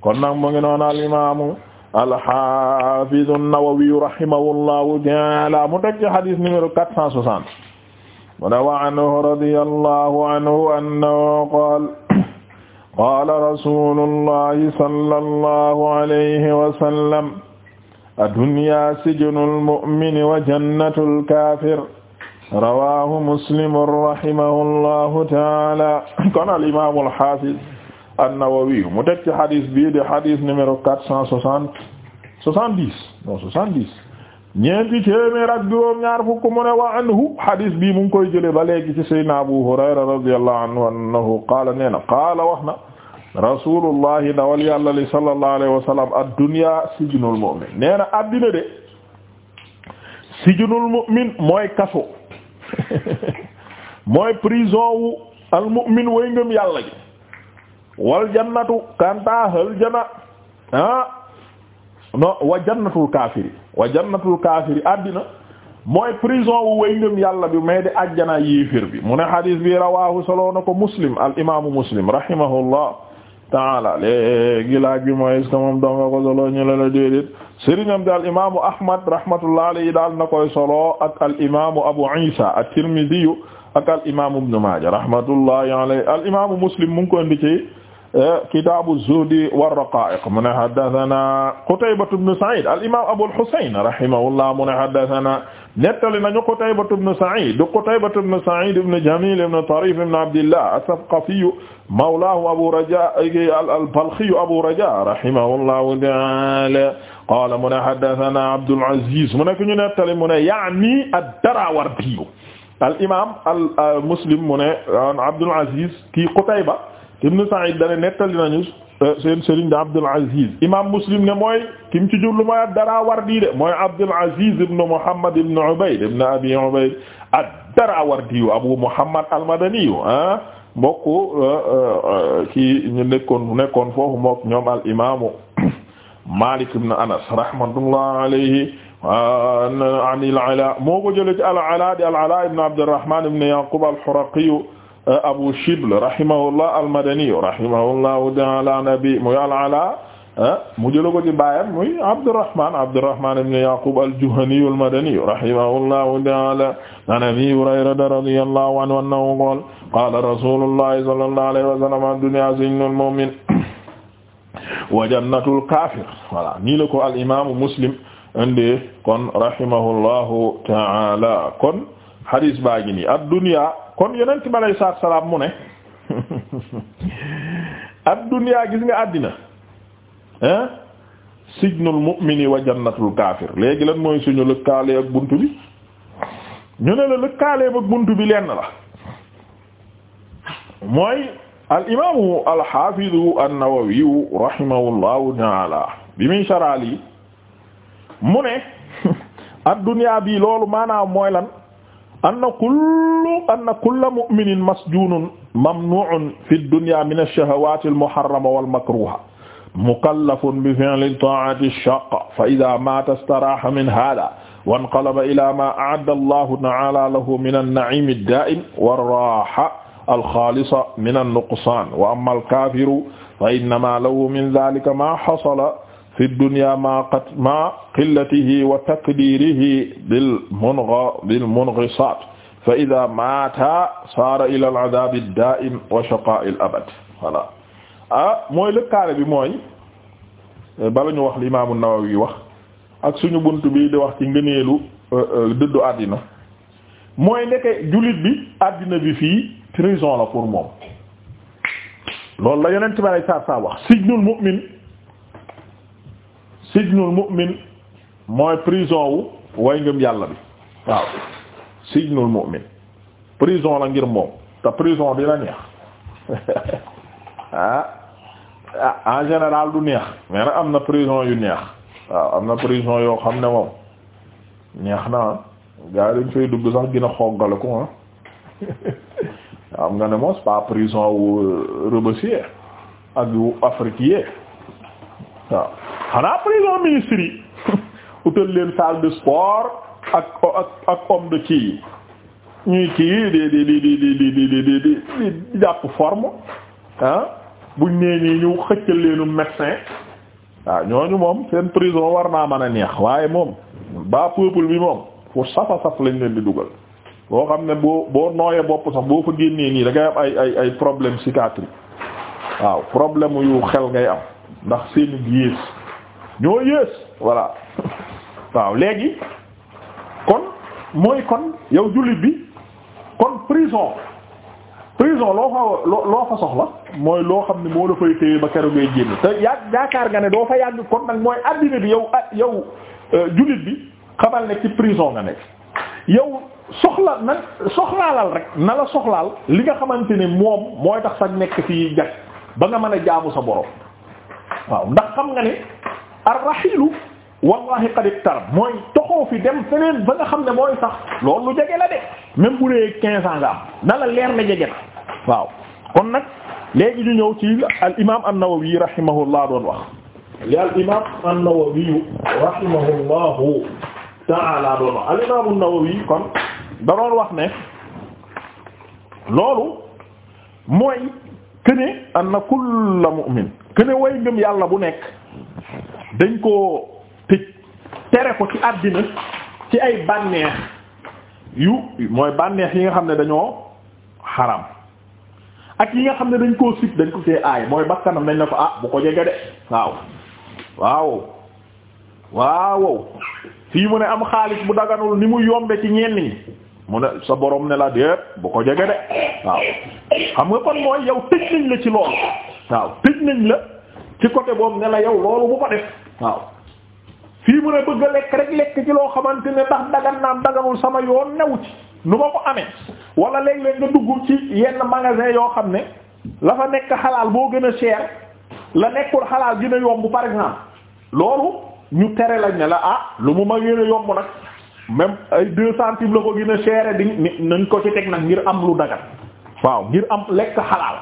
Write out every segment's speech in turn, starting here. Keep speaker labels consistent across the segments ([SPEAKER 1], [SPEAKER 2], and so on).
[SPEAKER 1] kon nag mu ngi noon al imaamu al-Haafiz an-Nawawi rahimahullahu ta'ala mu teg ci hadith numéro 460 mu ne wa anhu radiyallahu anhu annahu qaala qaala rasuulullahi sallallahu alayhi wa sallam ad-dunyaa sijnul mu'mini wa jannatul kaafir rawaahu muslimun rahimahullahu ta'ala kon al imaamul haafiz an-Nawawi mu teg ci xadis bii de xadis numéro quatre cent soixante soixante dix non soixante dix ñeenti téeméer ak juróom-ñaar fukk mu ne wa anhu xadis bii mu ngi koy jëlee ba léegi ci Seydina Abu Hurayra radiyallahu anhu annahu qaala nee na qaala wax na rasulullahi dawal yàlla li sallallahu alayhi wa sallam ad-dunya sijnul mu'min nee na addina de sijnul mu'min mooy kaso mooy prison wu al mu'min way ngëm yàlla ji wal jannatu kanta hal jana ah non wa jannatul kaafiri wa jannatul kaafiri àddina mooy prison wu wéy ngëm yàlla bi may de ajjana yéefir bi mu ne xadis bi rawahu soloo na ko muslim al imamu muslim rahimahullah taala léegi laaj bi mooy est-ce que moom donga ko solo ñu la la déedéet sëriñam di al imamu ahmad rahmatullah alayhi daal na koy solo ak al imamu abu isa at-tirmidhi ak al imamu ibn maaja rahmatullahi alayhi al imamu muslim mu ngi ko indi ci kitaabu zuhdi war-raqaa'iq mu ne haddasanaa Qutaybatu bnu Sa'iid al-imaam Abul Husayn rahimahullah mu ne haddasanaa nettali nañu Qutaybatu bnu Sa'iid du Qutaybatu bnu Sa'iid ibnu Jamiil ibnu Tariif ibnu Abdillah as-Saqafiyyu mawlaahum Abu Rajaa al-Balkhiyyu Abu Rajaa rahimahullahu ta'aalaa qaala mu ne haddasanaa Abdul Aziz mu ne ku ñu nettali mu ne ya'nii ad-Daraawardi al-imaam al-Muslim mu ne Abdul Aziz kii Qutayba ibnu Sa'id dane nettali nañu eh, seen sëriñ de Abdul Aziz imam Muslim ne mooy kim ci jublu mooy ad-Darawardi de mooy Abdul Aziz ibn Muhammad ibn Ubayd ibn Abi Ubayd Abu Muhammad al-Madani ah mbokk ci eh, eh, ñu nekkoon nekkoon al imamu Malik ibn Anas rahmatullah alayhi an al-Ala moo ko jële ci al-Ala di al-Ala ibn Abdurrahman ibn Yaqub al-Huraqi Abu Shibl rahimahullah al-Madani rahimahullahu ta'ala nabi muy al-Ala ah, mu jëla ko ci baayam muy Abdurrahman Abdurrahman ibn Yaqub al-Juhani al-Madani rahimahullahu ta'ala an Abi Hurayrata radiyallahu anhu annahu qala qala rasulullahi sallallahu alayhi wa sallam ad-dunya siجnul mu'min wa jannatul kafir voilà nii la ko al-imam Muslim indi kon rahimahullahu ta'ala kon hadis baa ngi nii ad-dunya kon yonent bi alayhi salaatu salaam mu ne ad-dunya gis nga àddina si sijnul mu'mini wa jannatul kaafir léegi lan mooy suñu lëkkaale ak bunt bi ñu ne la lëkkaale ak bunt bi lenn la mooy al imaamu al xaafidu an bi muy saraal yi mu ne ad bi loolu maanaam mooy lan. anna kullu anna kulla mu'minin masjunun mamnu'un fi dunya min ash-shahawati al-muharrama wal-makruha mukallafun bi fi'li ta'ati ash-shaqqa fa idha mata istaraha min hadha wa inqalaba ila ma a'adda Allahu ta'ala lahu min an-na'im ad-da'im war-raha al-khalisa min an-nuqsan wa amma al-kafiru fa innama lahu min dhalika ma hasala fi dunya ma qat ma qillatihi wa takdirihi bil munga bil mungisat fa ida mata sara ila al adab ad da'im wa shaqa al abad voilà ah mooy lëkkaale bi mooy eh, bala ñu wax li imaamu Nawawi wax ak suñu bunt bi di wax ci ngëneelu eh, eh, dëddu àddina mooy nekk jullit bi àddina bi fii prison la pour moom loolu la yonent bi sallallahu alayhi wa sallam wax sijnul mu'min sijnul mu'min mooy prison wu way ngëm yàlla bi waaw sijnul mu'min prison la ngir moom te prison dina neex ah. ah en général du neex mais nag am na prison yu neex waaw am na prison yoo xam ne moom neex na ah. gaa yi dañ fay dugg sax gën a xoggale ko ah am nga ne moom c'est pas prison ak wu Afrique xanaa prison ministre yi utal leen salle de sport ak ak ak homme de kii ñuy kii di di di di di di di di di jàpp forme ah buñ nee ñi ñu xëccal leenu médecin waaw ah, ñooñu moom seen prison war naa mën a neex waaye moom ba peuple bi moom fu safa saf lañ leen di dugal boo xam ne boo boo nooyee bopp sax boo fa génnee nii da ngay am ay ay problème psychiatrique waaw problème yu xel ngay am ndax seeni gées ñoo yées voilà waaw léegi kon mooy kon yow jullit bi kon prison prison loo fa loo fa soxla mooy loo xam ne moo la fay téye ba keroog ngay génn te yàgg yaakaar nga ne doo fa yàgg kon nag mooy addina bi yow ah, yow euh, jullit bi xamal ne ci prison nga nekk yow soxla na soxlaalal rek na la soxlaal li nga xamante ni moom mooy tax sax nekk fii jag ba nga mën a jaamu sa borom waaw ndax xam nga ne arraxilu wallahi qad iqtarab mooy toxoo fi dem feneen ba nga xam ne mooy sax loolu lu jege la de même bu dee quinze ans am na la leer na jege na waaw kon nag léegi ñu ñëw ci al imam an-Nawawi rahimahullah doon wax li al imam an-Nawawi rahimahullahu ta'ala doon wax al imam an-Nawawi kon da wax ne loolu mooy këne anna kullu mu'min këne way ngëm yàlla bu nekk dañ koo tëj tere ko ci àddina ci ay bànneex yu mooy bànneex yi nga xam ne dañoo xaram ak yi nga xam ne dañ koo sib dañ ko cee aay mooy bakkanam dañ ne ko ah bu ko jege de waaw waaw waaw fii mu ne am xaalis bu daganul ni mu yombe ci ñenn ñi mu ne sa borom ne la déet bu ko jege de waaw xam nga kon mooy yow tëj nañ la ci lool waaw tëj nañ la ci côté boobu ne la yow loolu bu ko def waaw fii mu ne bëgg a lekk rek lekk ci loo xamante ne tax dagan naam daganul sama yoon new ci nu ma ko amee wala léeg-léeg nga dugg ci yenn magasin yoo xam ne la fa nekk xalaal boo gën a cher la nekkul xalaal gën a yomb par exemple loolu ñu tere lañ ne la ah lu mu ma gën a yomb nag même ay deux centimes la ko gën a cher di nañ ko ci teg nag ngir am lu dagan waaw ngir am lekk xalaal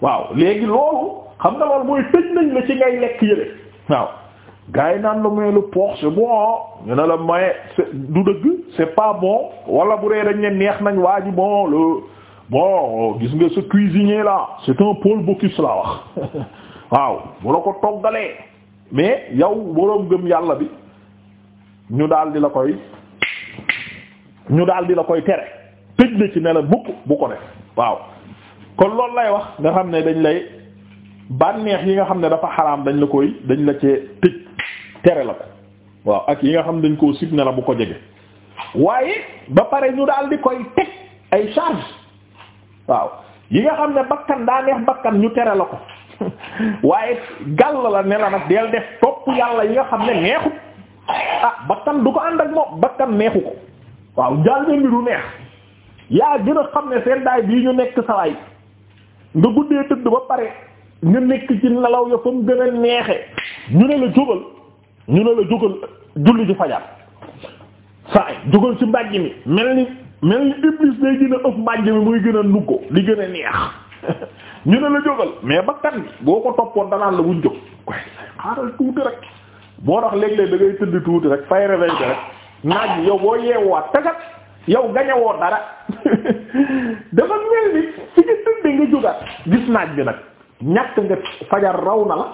[SPEAKER 1] waaw léegi loolu xam nga loolu mooy tëj nañ la ci ngay lekk yële waaw gars yi naan la mooy lu poox c'est bon ah. ñu ne la maye du dëgg c'est pas bon wala bu dee dañ ne neex nañ waa ji bon le bon gis nga ce cuisinier là c'est un Paul Bocuse la wax waaw bu la ko toggalee mais yow boroom gëm yàlla bi ñu daal di la koy ñu daal di la koy tere tëj la ci ne la bukk bu ko def waaw kon loolu lay wax nga xam ne dañ lay bànneex yi nga xam ne dafa xaraam dañ la koy dañ la cee tëj tere la ko waaw ak yi nga xam ne dañ koo sib ne bu ko jege waaye ba pare ñu daal di koy teg ay charge waaw yi nga xam ne bakkan daa neex bakkan ñu tere la ko waaye gàll la ne la nag del def topp yàlla yi nga xam ne neexut ah bakkan du ko ànd ak moom bakkan neexu ko waaw njaal bi du neex yaa gën a xam ne seen daay bii ñu nekk sawaay nga guddee tëdd ba pare nga nekk ci nelaw ya fa mu gën a neexe ñu ne la jógal ñu ne la jógal julli ci fajar saa yi jógal ci mbàjj mi mel ni mel ni iblis day gën a ëpp mbàjj mi muy gën a nuggo li gën a neex ñu ne la jógal mais bakkan bi boo ko toppoon danaan la wuñ jóg koy xaaral tuuti rek boo tax léeg-léeg da tëdd tuuti rek fay réveil bi rek naaj bi yow boo yeewaat takat yow gañawoo dara dafa mel ni ci nga tëdd nga jógaat gis naaj bi nag ñàkk nga fajar raw na la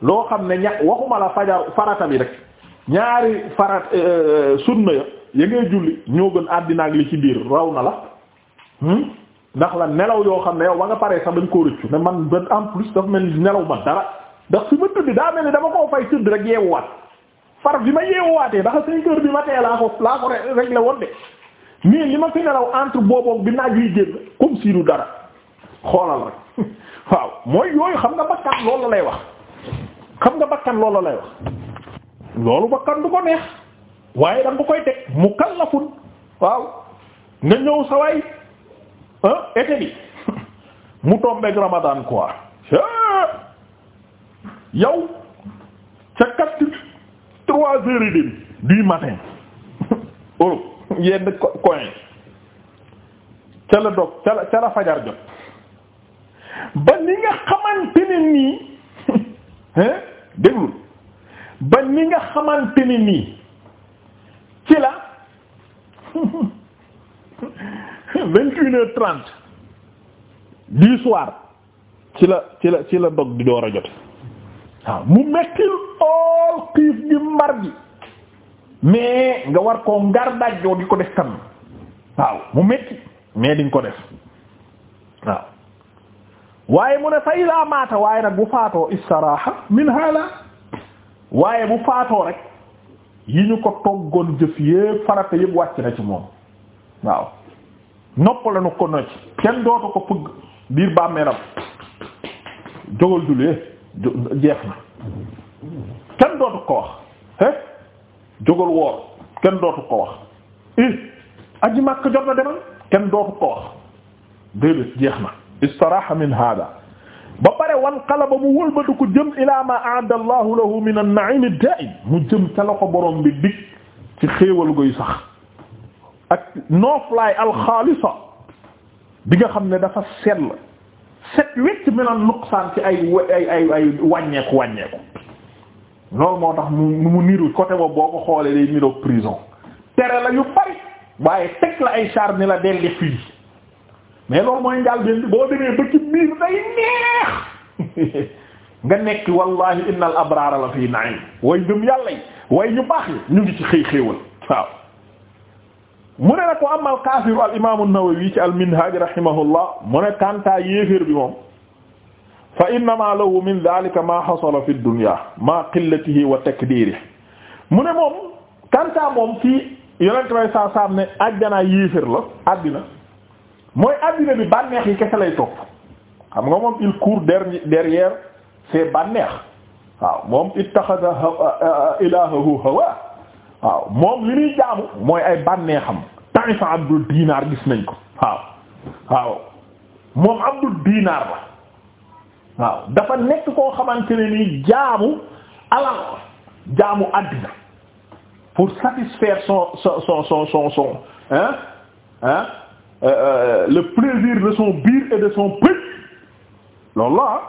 [SPEAKER 1] loo xam ne ñàkk waxuma la fajar farata bi rek ñaari farat euh, euh, sunna ya ya ngay julli ñoo gën àddina ak li ci biir raw na la hmm? ndax la nelaw yoo xam ne yow ba nga paree sax dañ koo rëccu ne man ba en plus dafa mel nelaw ma dara ndax fi ma tëdd daa mel ni dama koo fay tëdd rek yeewuwaat far bi ma yeewuwaatee ndax cinq heures bi ma tee laa ko laa ko réglé woon de mais li ma fi nelaw entre booboog bi naaj yuy génn comme si du dara xoolal rek waaw mooy yooyu xam nga bakkan loolu lay wax xam nga bakkan loolu lay wax loolu bakkan du ko neex waaye da nga koy teg mukallafun waaw nga ñëw sa waay ah, été bi mu tombeeg Ramadan quoi ah! yow ca quatre trois heures et demie matin Europe oh, yenn coin ca la dog ca la fajar jot ba ni nga xamante ne nii déglu ba ni nga xamante ne nii ci la vingt une heures trente du soir ci la ci la ci la dog di door a jot waaw mu mekkil ool xiif gi mbar gi mais nga war koo ngar dajjoo di ko def tam waaw mu metti mais diñ ko def waaw waaye mu ne fa iza maata waaye nag bu faatoo istaraha min hala waaye bu faatoo rek yi ñu ko toggoon jëf yépp farata yépp wàcc na ci moom waaw noppalanu ko na ci kenn dootu ko pëgg biir bàmmeelam jógal jullee eh, jeex na kenn dootu ko wax he eh, jógal woor kenn dootu ko wax i eh, aji màkk jot na demal kenn dootu ko wax déedéet jeex na istaraha min hada ba pare wan xalaba mu wëlbatu ko jëm ila ma aada allahu lahu min an-na'im ad-da'im mu jëm ca la ko borom bi dig ci xéewal goy sax ak nooflaay alxaalisa bi nga xam ne dafa sell set wecc minan nuqsaan ci ay ay ay ay wàññeeku wàññeeku loolu moo tax mu mu niru côté ba boo ko xoolee day niroog prison tere la yu bari waaye teg la ay char ni la delli fii mais loolu mooy njaal benn boo demee ba ci day neex nga nekk wallahi innal abraara la fii na'im way ngëm yàlla yi way ñu baax yi ñu ngi ci xëy xéewal waaw mu ne al imaamu al minhaj rahimahullah mu ne kantaa bi moom fa innama min dhalika ma xasala fi dunya ma qillatihi wa takdirihi mu moom kantaa moom fii yonent bay saa saam ne ajjanaa yéeféer la àddina mooy addina bi bànneex yi kese lay topp xam nga moom il court derrière derrière ses bànneex waaw moom ittaxada ilaahahu hawa waaw moom li muy jaamu mooy ay bànneexam taifa abdul dinar gis nañ ko waaw waaw moom abdul dinar la waaw dafa nekk koo xamante ne nii jaamu alal jaamu addina pour satisfaire son son son son son hein hein Euh, euh, le plaisir de son biir et de son pët loolu la ah.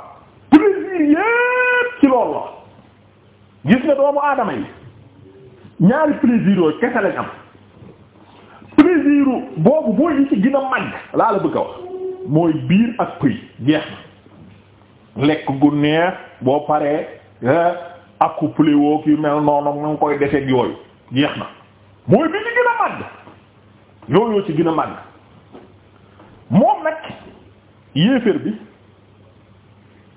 [SPEAKER 1] plaisir yépp ci loolu la gis nga doomu aadama yi ñaari plaisir yooyu kese lañ am plaisir boobu boo yi ci gën a màgg laa la bëgg wax mooy biir ak pëy jeex na lekk gu neex boo paree accouplé woo ki mel noonu nga koy defee yooyu jeex na mooy bi ci gën a màgg yooyu ci gën a màgg moom nag yéeféer bi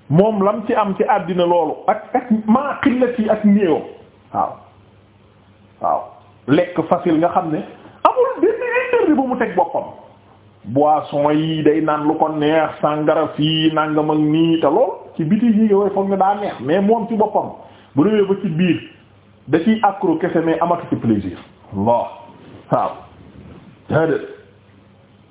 [SPEAKER 1] moom lam ci am ci àddina loolu ak ak maa xillat yi ak néewam waaw waaw lekk facile nga xam ne amul benn interdit bu mu teg boppam boisson yi day naan lu ko neex sàngara fii nangam ak nii te lool ci biti yi nga foog ne daa neex mais moom ci boppam bu demee ba ci biir da ciy kese mais amatu ci plaisir waaw waaw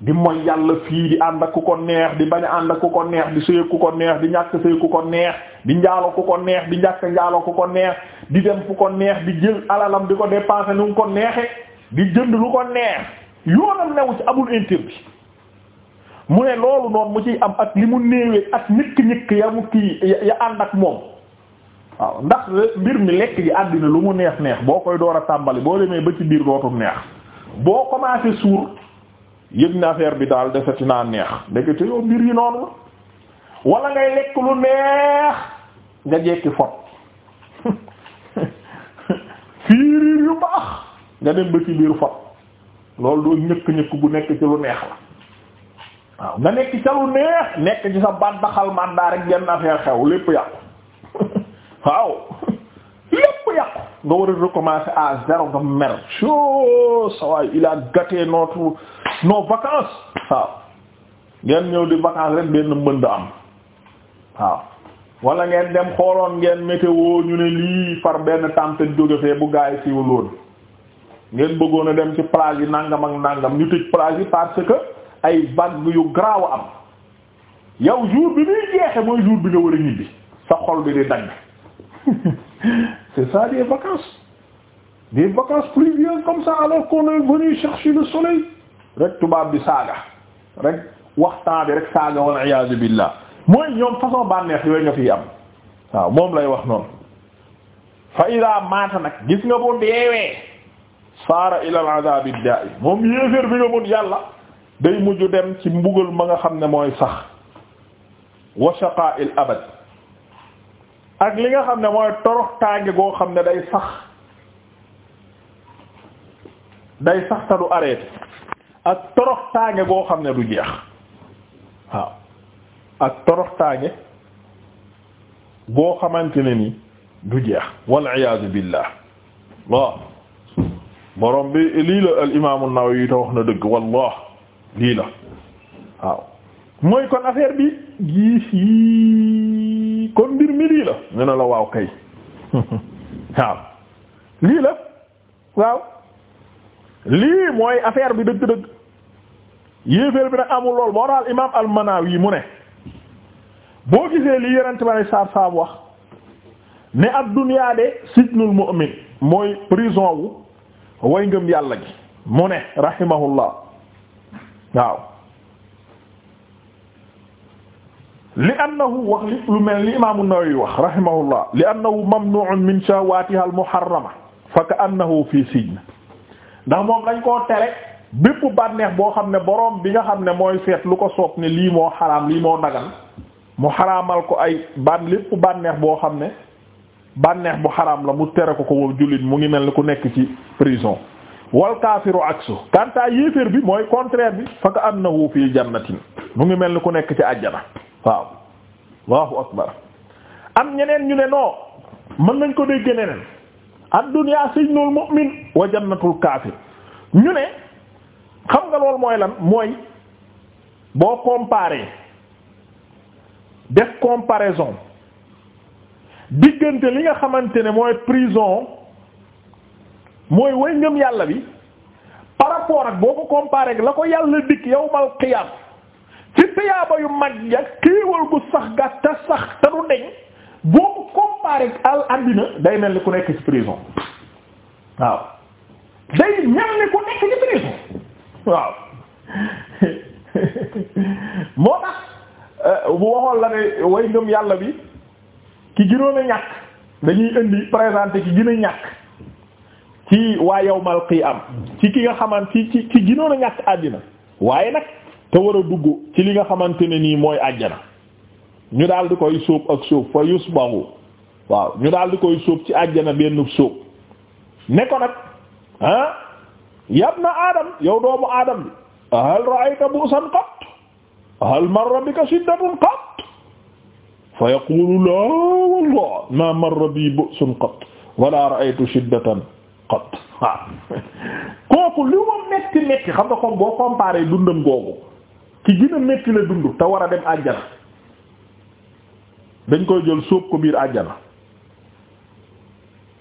[SPEAKER 1] di mooy yàlla fii di ànd ak ku ko neex di bañ a ànd ak ku ko neex di sëy ku ko neex di ñàkk sëy ku ko neex di njaaloo ku ko neex di ñàkk njaaloo ku ko neex di dem fu ko neex di jël alalam di ko dépenser nu ko neexe di jënd lu ko neex yoonam new ci amul interdit mu ne loolu noonu mu ciy am ak li mu néewee ak ñëkk-ñëkk ya mu kii ya ànd ak moom waaw ndax mbir mi lekk yi àddina lu mu neex neex boo koy door a tàmbali boo demee ba ci biir dootul neex boo commencé suur yëg na affaire bi daal desati naa neex ndeke te yow mbir yi noonu wala ngay lekk lu neex nga jekki fot fiiriir yu baax nga dem ba ci biir fot loolu doo ñëkk ñëkk bu nekk ci lu neex la waaw nga nekk ca lu neex nekk ci sa bàndaxal man daa rek genn affaire xew lépp yàqu waaw yàqu nga war a recommencer à zéro nga mer so sawaay il a notre nos vacances waaw ngeen ñëw di vacances rek benn mbënd am waaw wala ngeen dem xooloon ngeen météo ñu ne lii far benn tempête jóge fee bu gaay siiwul woon ngeen bëggoon a dem ci plage yi nangam ak nangam ñu tëj plage yi parce que ay vagues yu graaw a am yow jour bi ñuy jeexe mooy jour bi nga war a ñibbi sa xol bi di dagg c'est ça des vacances des vacances pluvieuses comme ça alors qu'on est venu chercher le soleil rek tubaab bi saaga rek waxtaan bi rek saaga wal iyaadu billah mooy ñoom façon bànneex yooyu nga fiy am moom lay wax noonu fa ida maata nag gis nga bu deewee saara ila al adabi da'i moom yéeféer bi nga mën yàlla day mujj dem ci mbugal ma nga xam ne mooy sax wa shaqa'il abad ak li nga xam ne mooy torox tànge goo xam ne day sax day sax ta du arrêté ak torox tànge goo xam ne du jeex waaw ak torox tànge boo xamante ne ni du jeex wal iyaazu billah waaw borom bi lii la al imaamu Nawawi te wax na dëgg wallah lii la waaw mooy kon affaire bi gii lii kon mbir mi lii la ñu ne la waaw kay waaw lii la waaw lii mooy affaire bi dëgg-dëgg yéeféer bi nag amul lool moo daal imaam al mu ne boo gisee li yeneen tamit saab saab wax ne ad-dunya de sijnul mu'min mooy prison wu way ngëm yàlla gi mu ne rahimahullah waaw li annahu wax lu mel li imaamu Nawawi wax rahimahullah li annahu mamnu'un min shahawatiha al-muharrama fa ka annahu fi sijn ndax moom dañ koo tere bépp bànneex boo xam ne boroom bi nga xam ne mooy seet lu ko soob ni lii moo xaraam lii moo nagal mu xaraamal ko ay ban lépp bànneex boo xam ne bànneex bu xaraam la mu tere ko ko woo jullit mu ngi mel ni ku nekk ci prison wal kaafiru aksu kantaa yéeféer bi mooy contraire bi fa ka annahu fi jannatin mu ngi mel ni ku nekk ci àjjana waaw allahu akbar am ñeneen ñu ne noo mën nañ ko dégg neneen ad-dunya sijnul mu'min wa jannatul kaafir ñu ne xam nga loolu mooy lan mooy boo comparer def comparaison diggante li nga xamante ne mooy prison mooy way ngëm yàlla bi par rapport ak boo ko comparer la ko yàlla dikk yawmal qiyaam tiyaaba yu mag ya kéewal gu sax ga te sax te du deñ boobu comparé al àddina day mel ni ku nekk ci prison waaw day mel ni ku nekk ci prison waaw moo tax euh, bu waxoon la ne way ngëm yàlla bi ki gënoon ñàkk dañuy indi présenté ki gën a ñàkk ci waa yawmal am ci ki nga xaman ci ci gënoon a ñàkk àddina waaye nag te war a dugg ci li nga xamante ne nii mooy àjjana ñu daal di koy sóob ak sóob fa yusbahu waaw ñu daal di koy sóob ci àjjana benn sóob ne ko nag ah yab na aadam yow doomu aadam bi hal ra'ayta bu'san qat hal marra bika shiddatun qat fa yaqulu la wallah ma marra bi bu'sun qat wala ra'aytu shiddatan qat kooku lu ma metti metti xam nga comme boo comparé dundam googu ki gën a la dund te war a dem àjjana dañ koy jël sóob ko biir àjjana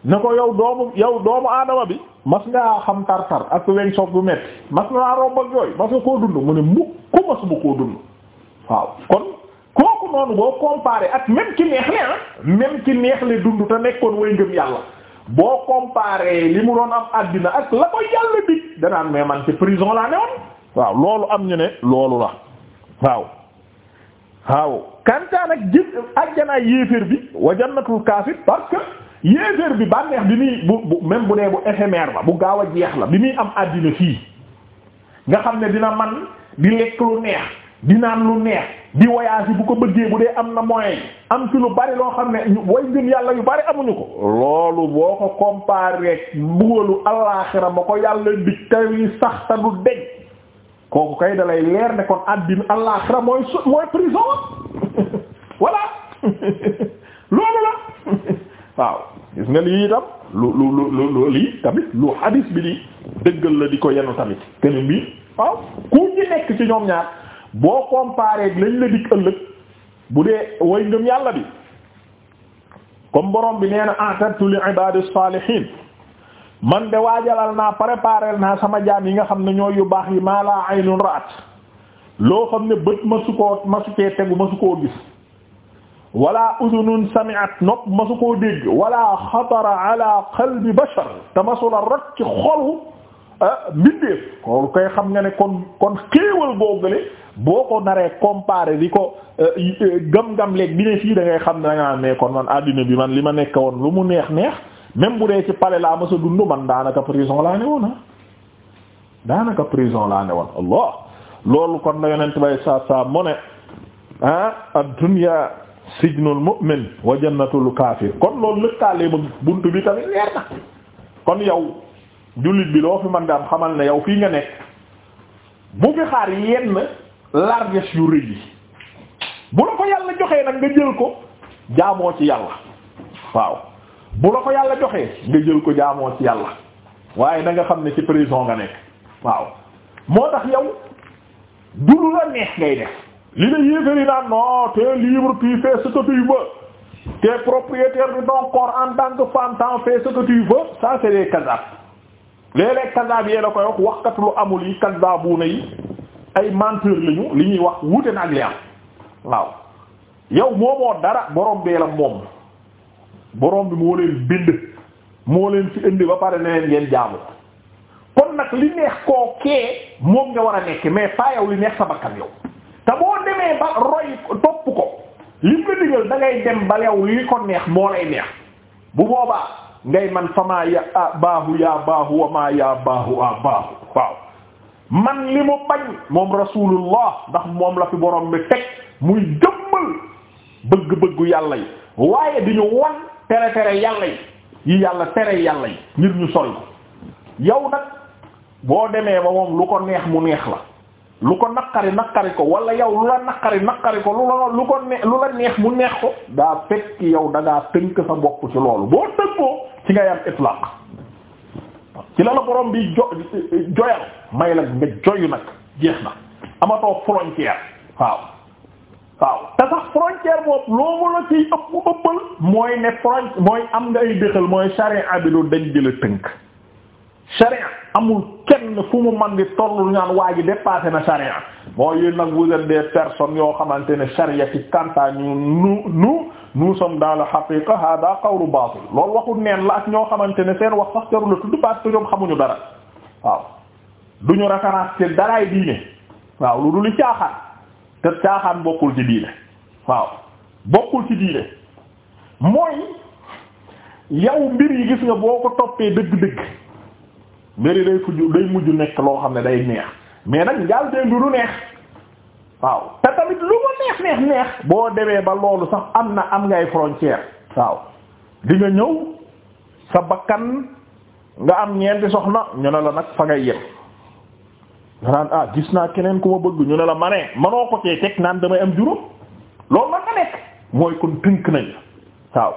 [SPEAKER 1] ne ko yow doomu yow doomu aadama bi mas ngaa xam tar-tar ak weñ soog bu metti mas ngaa romb ak yooyu mas nga koo dund mu ne mukk ku masuma koo dund waaw kon kooku noonu boo comparé ak même ki neex le ah même ki neex le dund te nekkoon way ngëm yàlla boo comparé li mu doon am àddina ak la ko yàlla dig danaan mais man ci prison laa newoon waaw loolu am ñu ne loolu la waaw waaw kantaan ak jë ajjanaay yéeféer bi wa jannatul kaafir parce que yéeféer bi bànneex bi muy bu bu même bu dee bu éphémère la bu gaaw a jeex la bi muy am àddina fii nga xam ne dina man di lekk lu neex di naan lu neex di voyage bu ko bëggee bu dee am na moyen am ci lu bari loo xam ne way ngën yàlla yu bari amuñu ko loolu boo ko comparé ak mbugalu allaaxira ma ko yàlla dig tawi sax ta du dej kooku kay dalay leer ne kon àddina àllaaxira mooy su mooy prison voilà loolu la waaw gis nga lii itam lu lu lu lu lii tamit lu hadis bi di dëggal la di ko yenu tamit keneen bi waaw ku ci nekk ci ñoom ñaar boo comparé lañ la dikk ëllëg bu dee way ngëm yàlla bi comme borom bi nee na atartu li ibadis salihin man de waajalal naa préparer naa sama jaan yi nga xam ne ñooy yu baax yi maa laa aynun raat loo xam ne bët ma su koo ma su kee tegu ma su koo gis wala udunun sami'at nopp ma su koo dégg wala xatara ala qalbi bashar te ma su la ci xolu ah, mbindeef loolu koy xam nga ne kon kon xéewal googale boo ko naree comparer li ko eh, eh, gam-gam leeg bi ne fii da xam ne da nga mais kon man àddina bi man li ma nekk woon lu mu neex neex même bu dee ci palais laa ma sa dund man daanaka prison laa ne woon ah daanaka prison laa ne woon allah loolu kon na yonent bay saa saa mu ne ah ad mu'min wa kaafir kon loolu lëkkaale ba buntu bi tamit leer na kon yow jullit bi loo fi man daam xamal ne yow fii nga nekk bu fi xaar yenn largesse yu rëy yi bu la ko yàlla joxee nag nga jël ko jaamoo ci yàlla waaw bu la ko yàlla joxee nga jël ko jaamoo ci yàlla waaye da nga xam ne ci prison nga nekk waaw moo tax yow du lu la neex ngay def li la yéefari naan non t'es libre puis fais ce que tu veux t'es propriétaire de ton corps en tant que femme t'en fais ce que tu veux ça c'est des kazab léeg yee la koy wax waxkat lu amul yi kazabuuna yi ay menteur lañu li ñuy wax wuute na ak li am waaw yow moomoo dara borom bee la moom borom bi moo leen bind moo leen fi indi ba pare ne leen ngeen jaamu kon nag li neex koo kee moom nga war a nekk mais pas yow li neex sa bakkan te boo demee ba roy topp ko li nga digal da dem ba yow li ko neex moo lay neex bu boobaa ngay man famaa ya baahu yaa baahu wa waaw man li mu bañ moom rasulullah ndax moom la fi borom bi teg muy jëmmal bëgg-bëggu yàlla yi waaye di ñu wan tere tere yàlla yi yàlla tere yàlla yi ngir ñu sori ko yow nag boo demee ba moom lu ko neex mu neex la lu ko naqari naqari ko wala yow lu la naqari naqari ko lu la lu ko ne lu la neex mu neex ko daa fekk yow da ngaa tënk sa bopp ci loolu boo tënkoo ci ngay am itlaq ci la la borom bi jo joyal may la nga joyu nag jeex na amatoo frontière waaw waaw te sax frontière boobu loolu la ciy ëpp ëppal mooy ne frontière mooy am nga ay dëxal mooy charia bi du dañ jëla tënk charia amul kenn fu mu man di tollu ñaan waa ji dépassé na charia moo yéen nag vous êtes des personnes yoo xamante ne charia ci kanta ñu nu nu nous som dans la haqiqa hada qawlu batil loolu waxu neen la ak ñoo xamante ne seen wax sax jarul la tudd baat te xamuñu dara waaw duñu référence ci daraay diine waaw lu dul caaxaan te caaxaan bokkul ci diine waaw bokkul ci diine mooy yow mbir yi gis nga boo ko toppee dëgg-dëgg mbir yi day fuju day mujj nekk loo xam ne day neex mais nag njaal dee du neex waaw te tamit lu mu neex neex neex boo demee ba loolu sax am na am ngay frontière waaw di nga ñëw sa bakkan nga am ñeenti soxna ñu ne la nag fa ngay yem nga naan ah gis naa keneen ku ma bëgg ñu ne la ma ne manoo ko teg naan damay am juróom loolu man nga nekk mooy kon tënk nañ la waaw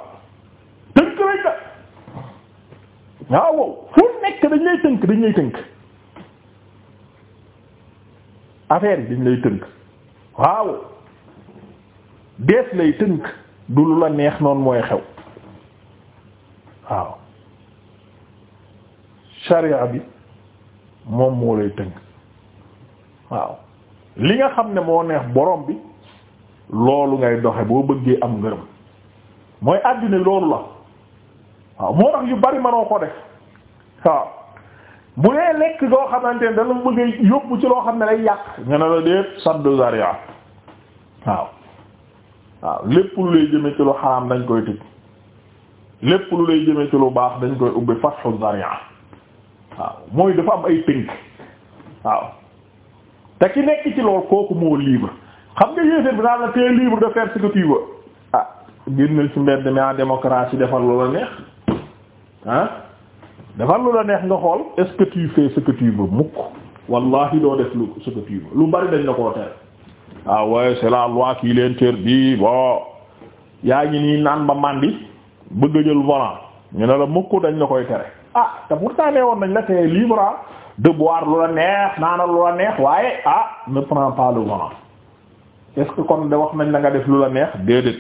[SPEAKER 1] tënk nañ la waaw wow nekk dañ lay tënk dañ lay tënk affaire yi dañ lay tënk waaw dees lay tënk du lu la neex noonu mooy xew waaw sharia bi moom moo lay tënk waaw li nga xam ne moo neex borom bi loolu ngay doxe boo bëggee am ngërëm mooy àddina loolu la waaw moo tax yu bari mënoo ko def waaw bu dee lekk loo xamante ne dala bëgg yóbbu ci loo xam ne lay yàq nga ne la déet saddu zaria waaw waaw lépp lu lay jëme ci lu xaraam dañ koy tëj lépp lu lay jëme ci lu baax dañ koy ubbi fatxu zaria waaw mooy dafa am ay tënk waaw te ki nekk ci lool kooku moo libre xam nga yéeféer bi naan la tey libre de faire ce que ah génnal ci mbedd mi en démocratie defal lu la neex ah defal lu la neex nga xool est-ce que tu fais ce que tu veux mukk wallahi doo def lu ce que lu bari dañ la koo tere ah ouais c'est la loi qui l'interdit bon yaa ngi nii naan ba màndi bëgg a jël volant ñu ne la mukk dañ la koy tere ah te pourtant nee woon nañ la tey libre ah. de boire lu la neex naanal lu la neex waaye ah ne prends pas le volant est-ce que kon de wax nañ la nga def lu la neex déedéet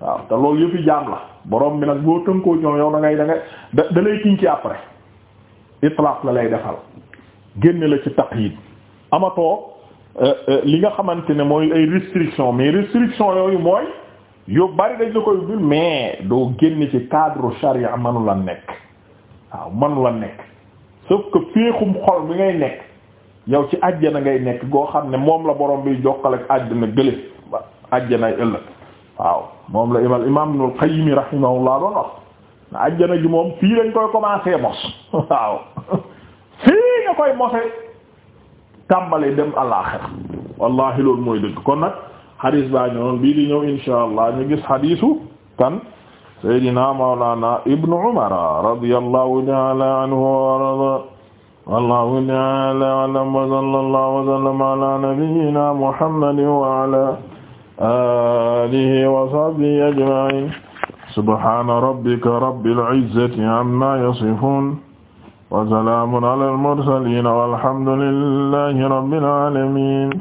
[SPEAKER 1] waaw te loolu yëfi jaam la borom bi nag boo tënkoo ñoom yow da ngay da dalay da da lay tinki après itlaq la lay defal génne la ci taqyid amatoo euh, euh, li nga xamante ne mooy ay restriction mais restriction yooyu mooy yu bari dañ la koy ubbil mais doo génn ci cadre charia manu la nekk waaw manu la nekk sauf que féexum xol bi ngay nekk yow ci àjjana ngay nekk goo xam ne moom la borom bi jokkal ak àjjana gële àjjana ëllëg waaw moom la imal imaam Ibnul Qayyim rahimahullah doon wax àjjana ji moom fii lañ koy commencer mos waaw fii nga koy mose tàmbalee dem àllaaxira wallahi loolu mooy dëgg kon nag xadiis baa ñëwoon bii di ñëw inshaa Allah ñu gis xadiisu kan Seydina Mawlana Ibn Umar radiyallahu ta'ala anhu wa arda wallahu ta'ala a'lam wa sallallahu wa sallama ala nabiyyina Muhammadin wa ala alihi wa sahbihi ajma'in subhana rabbika rabbil izzati amma yasifun wa salamun ala al mursalin walhamdulillahi rabbil alamin